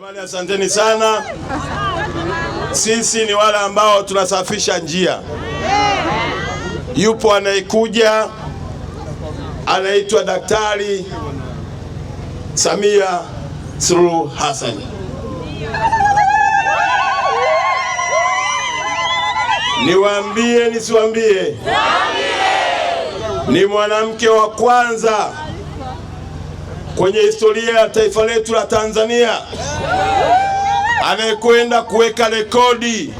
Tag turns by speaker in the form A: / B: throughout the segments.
A: Jamani, asanteni sana. Sisi ni wale ambao tunasafisha njia. Yupo anayekuja anaitwa Daktari Samia Suluhu Hassan. Niwaambie nisiwaambie? Ni mwanamke wa kwanza kwenye historia ya taifa letu la Tanzania, anayekwenda kuweka rekodi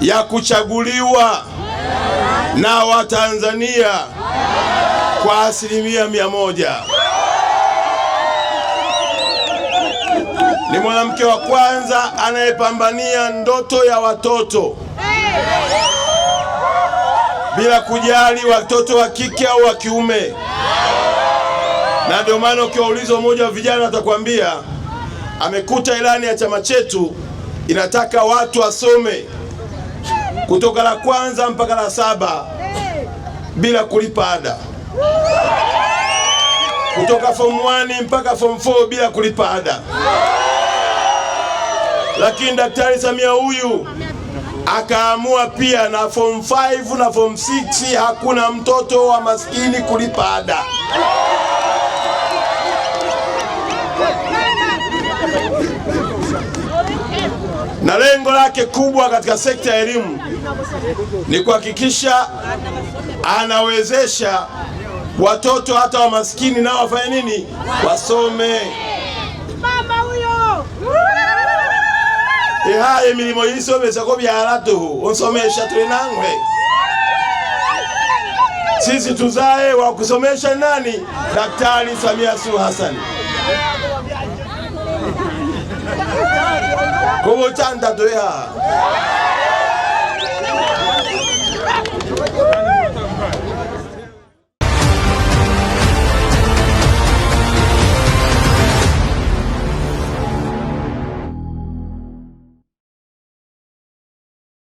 A: ya kuchaguliwa na Watanzania kwa asilimia mia moja ni mwanamke wa kwanza anayepambania ndoto ya watoto bila kujali watoto wa kike au wa kiume na ndio maana ukiwauliza umoja wa vijana atakwambia amekuta ilani ya chama chetu inataka watu wasome kutoka la kwanza mpaka la saba bila kulipa ada, kutoka form 1 mpaka form 4 bila kulipa ada. Lakini Daktari Samia huyu akaamua pia na form 5 na form 6 hakuna mtoto wa maskini kulipa ada. na lengo lake kubwa katika sekta ya elimu ni kuhakikisha anawezesha watoto hata wa maskini nao wafanye nini? Wasome. ihaye milimo yilisomesako byalatuhu onsomesha tuli sisi tuzae wa kusomesha nani? Daktari Samia Suluhu Hassan. 그거 짠다 도야